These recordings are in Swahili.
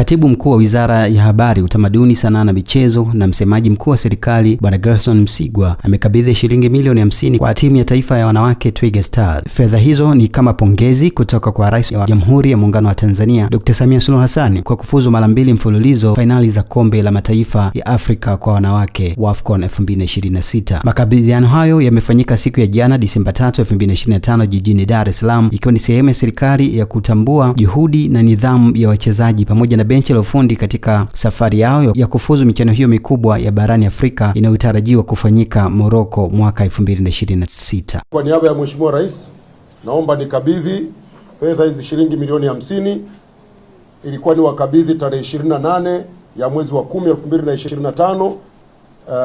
Katibu mkuu wa Wizara ya Habari, Utamaduni, Sanaa na Michezo na msemaji mkuu wa serikali Bwana Gerson Msigwa amekabidhi shilingi milioni 50 kwa timu ya taifa ya wanawake Twiga Stars. Fedha hizo ni kama pongezi kutoka kwa Rais wa Jamhuri ya Muungano wa Tanzania Dr. Samia Suluhu Hassan kwa kufuzu mara mbili mfululizo fainali za Kombe la Mataifa ya Afrika kwa wanawake WAFCON 2026. Makabidhiano hayo yamefanyika siku ya jana Disemba 3, 2025 jijini Dar es Salaam ikiwa ni sehemu ya serikali ya kutambua juhudi na nidhamu ya wachezaji pamoja na benchi la ufundi katika safari yao ya kufuzu michano hiyo mikubwa ya barani Afrika inayotarajiwa kufanyika Moroko mwaka 2026. Kwa niaba ya Mheshimiwa Rais, naomba nikabidhi fedha hizi shilingi milioni 50 ilikuwa ni wakabidhi tarehe 28 ya mwezi wa 10 2025, uh,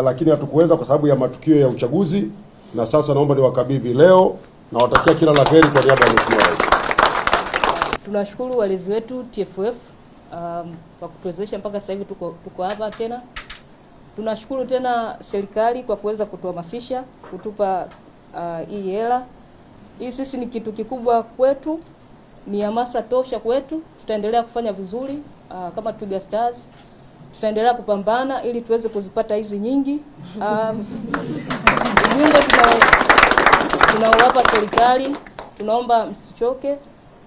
lakini hatukuweza kwa sababu ya matukio ya uchaguzi, na sasa naomba niwakabidhi leo na watakia kila la heri kwa niaba ya Mheshimiwa Rais. Tunashukuru walezi wetu TFF um, kwa kutuwezesha mpaka sasa hivi tuko, tuko hapa tena. Tunashukuru tena serikali kwa kuweza kutuhamasisha kutupa uh, hii hela hii. Sisi ni kitu kikubwa kwetu, ni hamasa tosha kwetu. Tutaendelea kufanya vizuri uh, kama Twiga Stars tutaendelea kupambana ili tuweze kuzipata hizi nyingi um, nyingo tunawapa serikali, tunaomba msichoke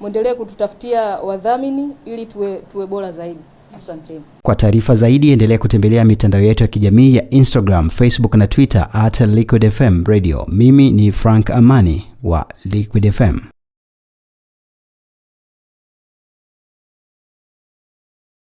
mwendelee kututafutia wadhamini ili tuwe, tuwe bora zaidi. Asanteni. Kwa taarifa zaidi endelea kutembelea mitandao yetu ya kijamii ya Instagram, Facebook na Twitter at Liquid FM Radio. Mimi ni Frank Amani wa Liquid FM.